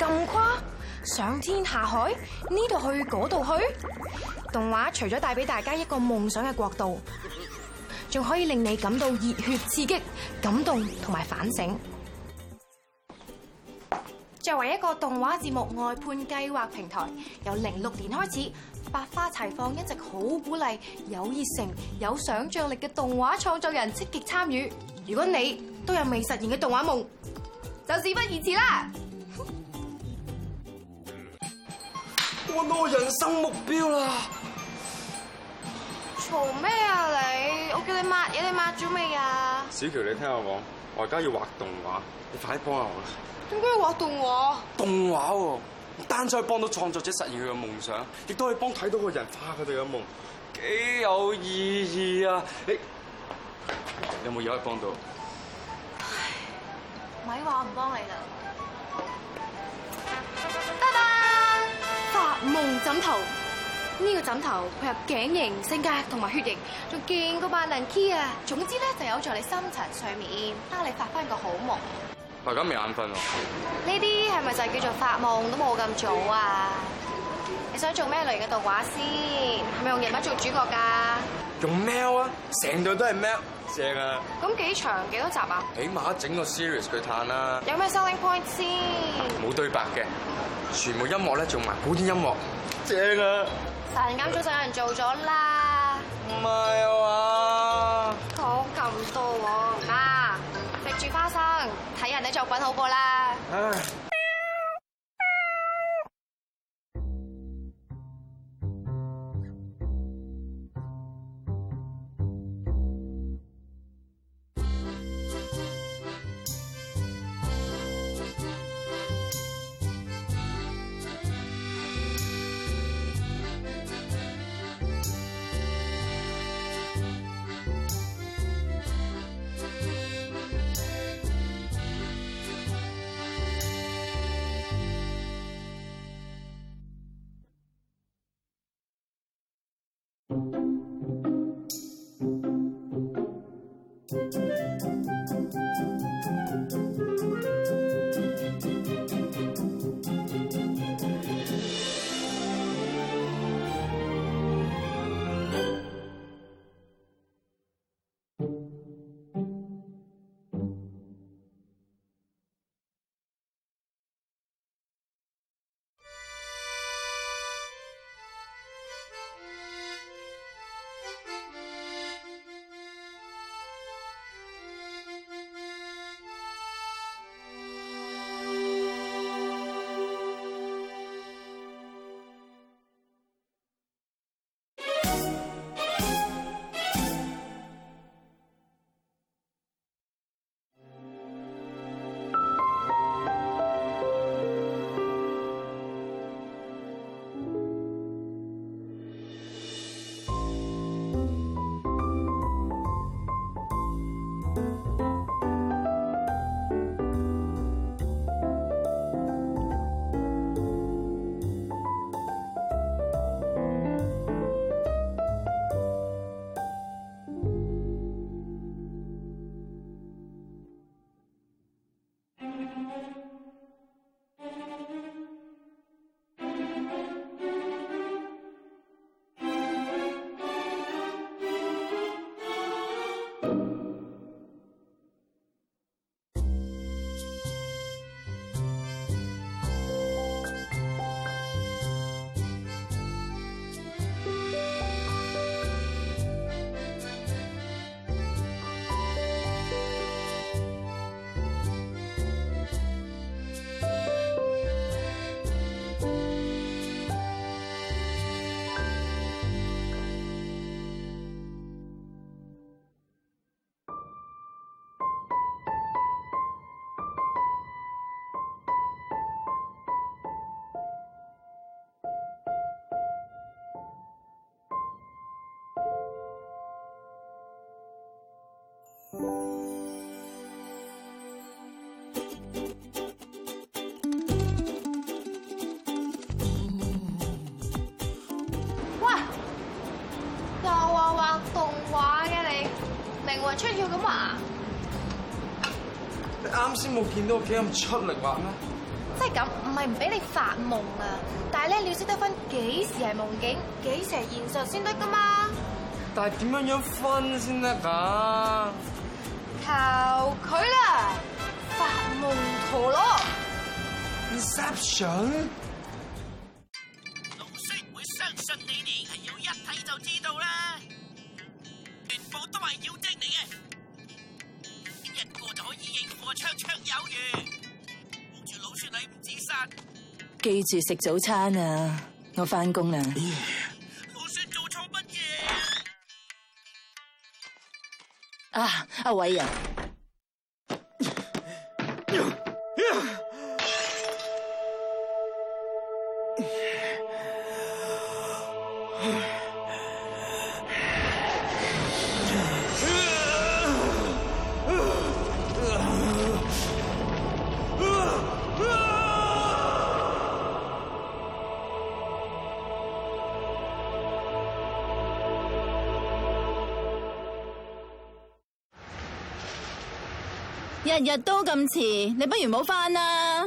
咁誇上天下海，呢度去嗰度去，動畫除咗帶俾大家一個夢想嘅國度，仲可以令你感到熱血刺激、感動同埋反省。作為一個動畫節目外判計劃平台，由零六年開始百花齊放一，一直好鼓勵有熱誠、有想象力嘅動畫創作人積極參與。如果你都有未實現嘅動畫夢，就事不宜遲啦！揾到我人生目標啦！嘈咩啊你？我叫你抹嘢，你抹咗未呀？小喬，你聽，聽我，我而家要畫動畫，你快啲幫下我啦！點解要畫動畫？動畫喎，唔單止係幫到創作者實現佢嘅夢想，亦都可以幫睇到個人化佢哋嘅夢，幾有意義啊！你，你有冇嘢可以幫到？唉，咪話我唔幫你啦！夢枕頭呢，這個枕頭配合頸型、性格同埋血型，仲見過萬能 k 啊！總之咧就有在你深層上面，幫你發翻個好夢。大家未眼瞓？呢啲係咪就係叫做發夢？嗯，都冇咁早啊？你想做咩類型嘅動畫先？係咪用人物做主角噶？用喵啊！成隊都係喵，正啊！咁幾長幾多集啊？起碼整個 series 佢彈啦。有咩 selling point 先？冇對白嘅。全部音樂咧，做埋古典音樂，正㗎！突然間早上有人做咗啦，唔係啊嘛，講咁多，嗱，食住花生，睇人哋作品好過啦。唉！出票咁話，你啱先冇見到我幾咁出力畫咩？真係咁，唔係唔俾你發夢啊！但係咧，你要識得分幾時係夢境，幾時係現實先得㗎嘛？但係點樣樣分先得㗎？求佢啦！發夢陀螺。Inception。記住食早餐啊！我返工啦。我算做錯乜嘢？ 啊！阿偉啊。遲，你不如冇翻啦。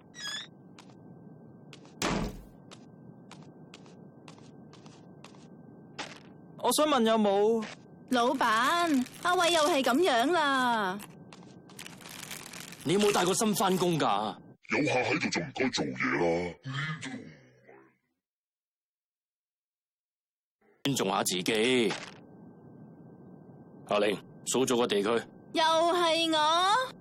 我想問有冇？老闆，阿偉又係咁樣啦。你有冇帶個心翻工噶？有客喺度就唔該做嘢啦。 尊重下自己，阿玲。數咗個地區，又係我。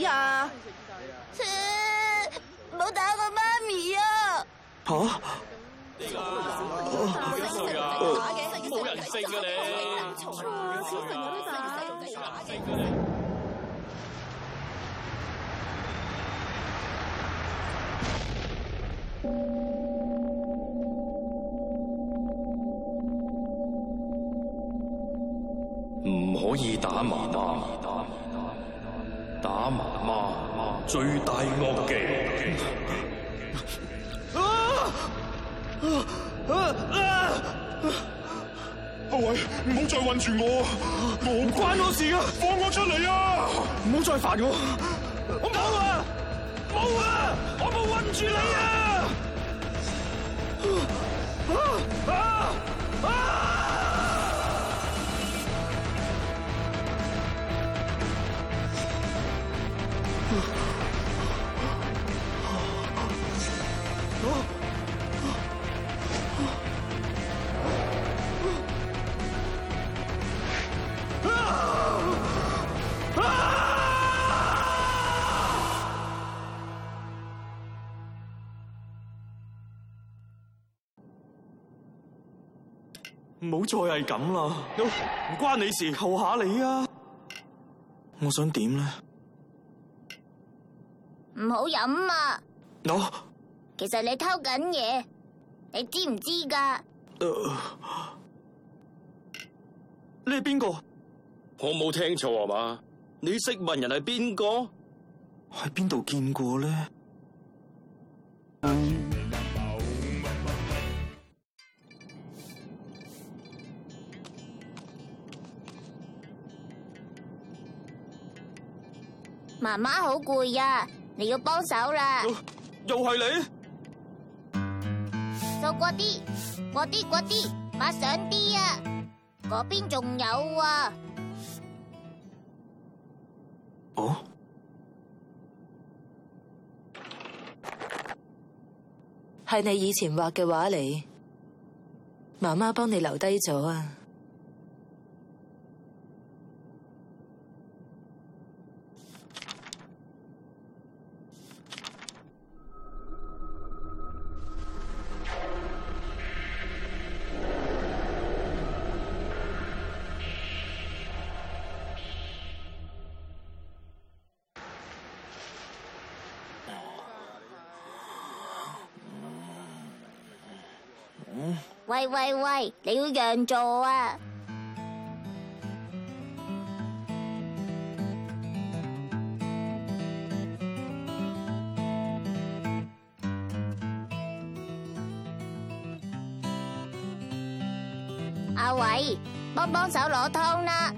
呀！冇打我媽咪啊！吓？冇人性噶你，唔可以打媽媽。打媽媽最大惡技！哦哦哦、啊啊啊，啊，啊，啊！各位，唔好再困住我、啊，我唔鬼關我事啊，放我出嚟啊！唔好、哦啊、再煩我，我冇啊，冇啊，啊，我冇困住你啊！啊啊啊唔好再係咁啦，唔、哦、關你事，求下你啊！我想點咧？唔好飲啊！嗱，No? 其實你偷緊嘢，你知唔知噶？你係邊個？我冇聽錯啊嘛？你識問人係邊個？喺邊度見過咧？嗯媽媽好攰呀、啊，你要幫手啦。又係你，就過啲，過啲過啲，畫上啲啊！嗰邊仲有啊。哦，係你以前畫嘅畫嚟，媽媽幫你留低咗啊。喂喂喂，你要讓座啊！阿偉，幫幫手攞湯啦，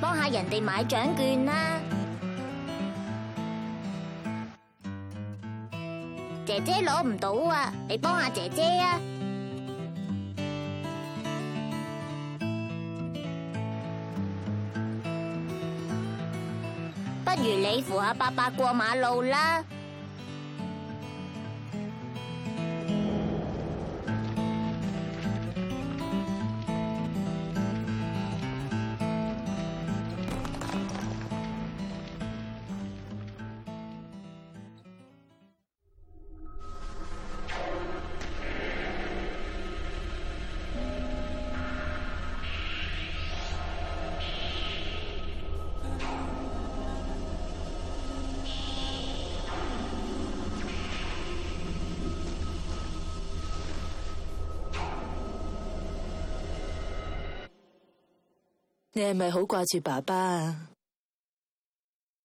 幫下人哋買獎券啦。姐姐攞唔到啊！你幫下姐姐啊！ 不如你扶下伯伯過馬路啦。你係咪好掛住爸爸啊？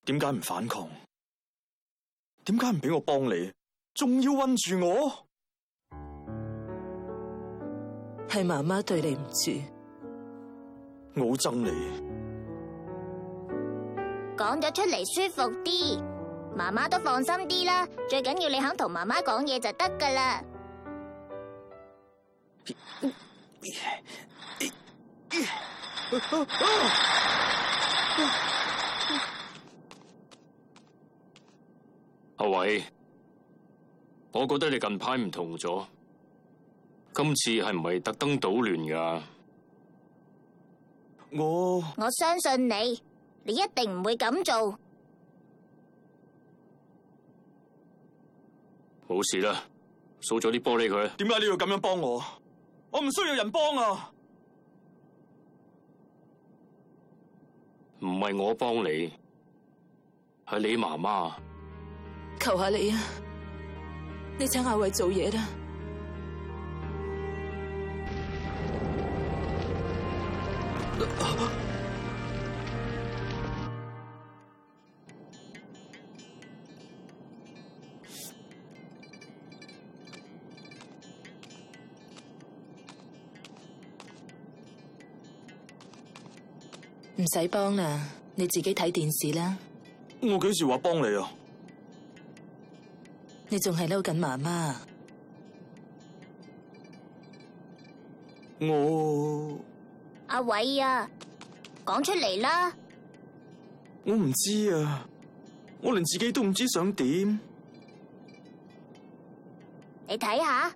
點解唔反抗？點解唔俾我幫你？仲要韞住我？係媽媽對你唔住，我憎你。講咗出嚟舒服啲，媽媽都放心啲啦。最緊要你肯同媽媽講嘢就得噶啦。 阿偉，我覺得你近排唔同咗，今次係唔係特登搗亂噶？我我相信你，你一定唔會咁做。冇事啦，掃咗啲玻璃佢。點解你要咁樣幫我？我唔需要人幫啊！唔係我幫你，係你媽媽。求下你啊，你請阿慧做嘢啦。唔使幫啦，你自己睇電視啦。我幾時話幫你啊？你仲係嬲緊媽媽？我，阿偉啊，講出嚟啦。我唔知啊，我連自己都唔知想點。你睇下。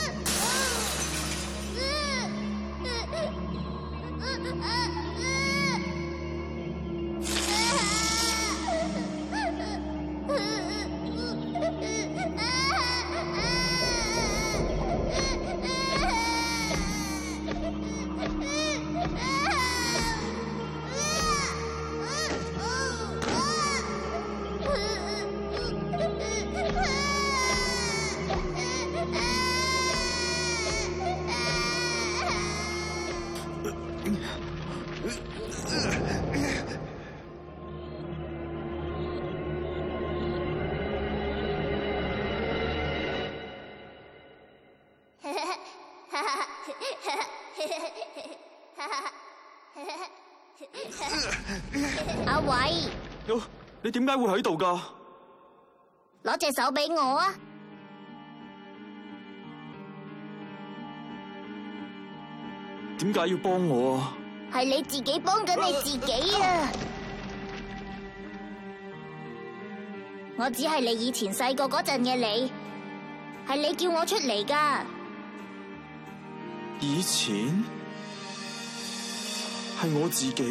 阿偉，你點解會喺度噶？攞隻手俾我啊！點解要幫我啊？係你自己幫緊你自己啊！ 我只係你以前細個嗰陣嘅你，係你叫我出嚟噶。以前係我自己，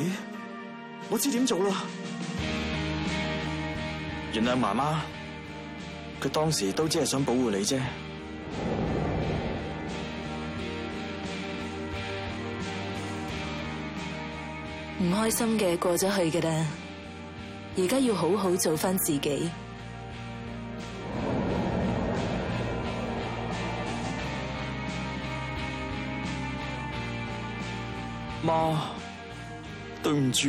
我知點做啦。原諒媽媽，佢當時都只係想保護你啫。唔開心嘅過咗去㗎喇，而家要好好做翻自己。啊、哦，對唔住，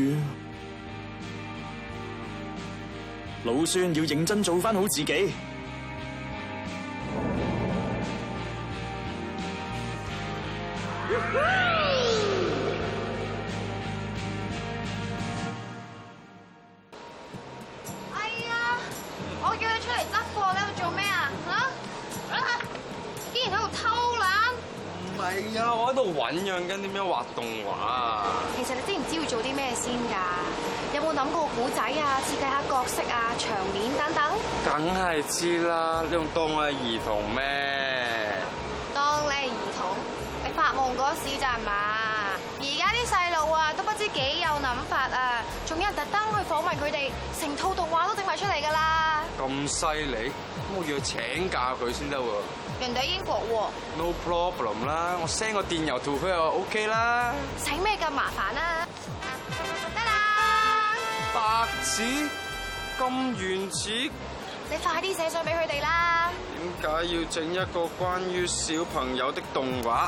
老孫要認真做返好自己。 緊樣緊點樣畫動畫啊？其實你都唔知要做啲咩先㗎？有冇諗過古仔啊？設計下角色啊、場面等等。梗係知啦，你用當我係兒童咩？當你係兒童，你發夢時時就係嘛。而家啲細路啊，都不知幾有諗法啊，仲有人特登去訪問佢哋，成套動畫。咁犀利，咁我要請教佢先得喎。人哋英國喎。No problem 啦，我 send 個電郵 to 佢就 OK 啦。請咩咁麻煩啊？得啦。白紙咁原始。你快啲寫信俾佢哋啦。點解要整一個關於小朋友的動畫？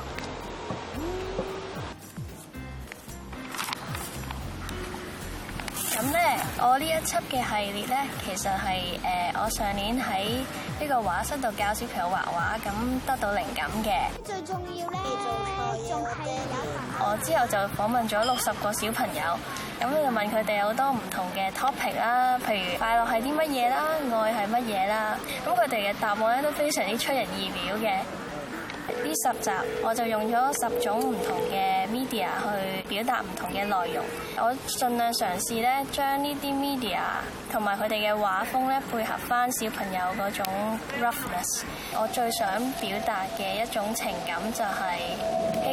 咁咧，我呢一輯嘅系列咧，其實係誒，我上年喺呢個畫室度教小朋友畫畫，咁得到靈感嘅。最重要咧仲係我之後就訪問咗六十個小朋友，咁咧就問佢哋好多唔同嘅 topic 啦，譬如快樂係啲乜嘢啦，愛係乜嘢啦，咁佢哋嘅答案咧都非常之出人意表嘅。十集我就用咗十種唔同嘅 media 去表達唔同嘅內容。我盡量嘗試咧，將呢啲 media 同埋佢哋嘅畫風咧配合翻，小朋友嗰種 roughness。我最想表達嘅一種情感就係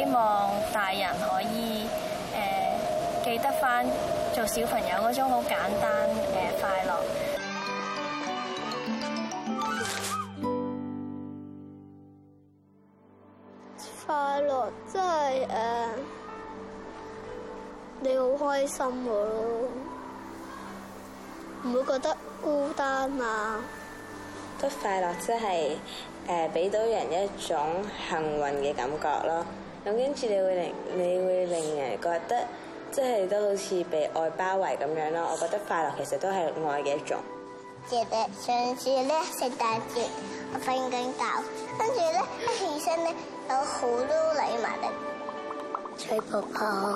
希望大人可以誒、呃、記得翻做小朋友嗰種好簡單嘅快樂。 快樂真係誒，你好開心喎咯，唔會覺得孤單啊？得快樂即係誒，俾到人一種幸運嘅感覺咯。有啲次你會令你會令人覺得，即係都好似被愛包圍咁樣咯。我覺得快樂其實都係愛嘅一種。上次咧，聖誕節我瞓緊覺，跟住咧一起身咧。有好多禮物定吹泡泡，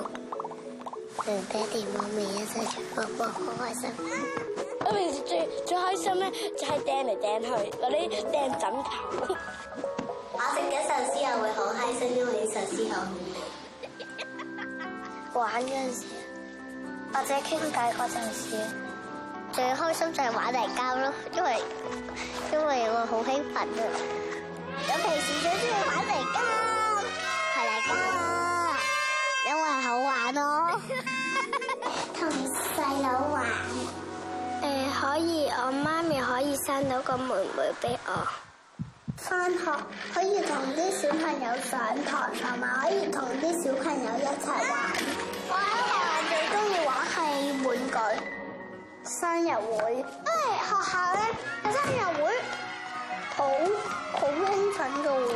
爹哋媽咪一齊吹泡泡好開心。我平時最最開心咧，就係掟嚟掟去嗰啲掟枕頭。我食緊壽司又會好開心，因為壽司好好味。玩嗰陣時，或者傾偈嗰陣時，最開心就係玩泥膠咯，因為因為我好興奮啊！我平時最中意玩泥膠，係泥膠，因為好玩咯，同細佬玩。誒，可以，我媽咪可以生到個妹妹俾我。翻學可以同啲小朋友上堂，同埋可以同啲小朋友一齊玩。我喺學校最中意玩係玩具、生日會。因為學校咧有生日會。好好興奮噶喎！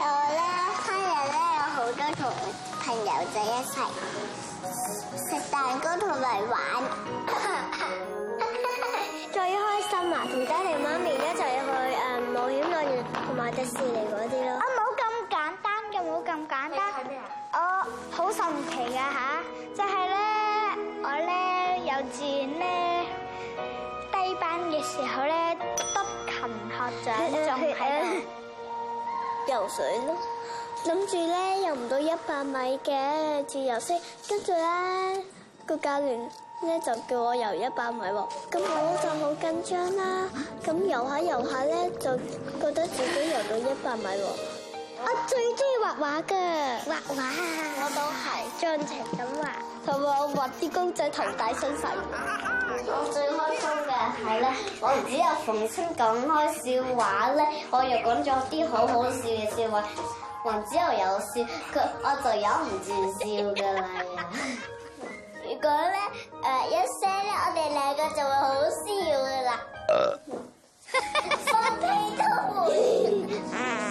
然後咧，生日咧有好多同朋友仔一齊食蛋糕同埋玩，最開心啊！同爹哋媽咪一齊去誒冒險樂園同埋迪士尼嗰啲咯。啊，冇咁簡單嘅，冇咁簡單。你係咩啊？我好神奇啊吓！即係咧，我咧幼稚園咧低班嘅時候咧。就就唔係咯， 游水咯，諗住咧游唔到一百米嘅自由式。跟住咧個教練咧就叫我游一百米喎，咁我就好緊張啦，咁 游下游下咧就覺得自己游到一百米喎， 我最中意畫畫噶，畫畫啊，我都係盡情咁畫，同埋 我畫啲公仔頭大身細。我最開心嘅係咧，我唔只有逢親講開笑話咧，我又講咗啲好好笑嘅笑話，我唔只有有笑，佢我就忍唔住笑噶啦。 如果咧誒、呃、一聲咧，我哋兩個就會好笑噶啦。我睇到。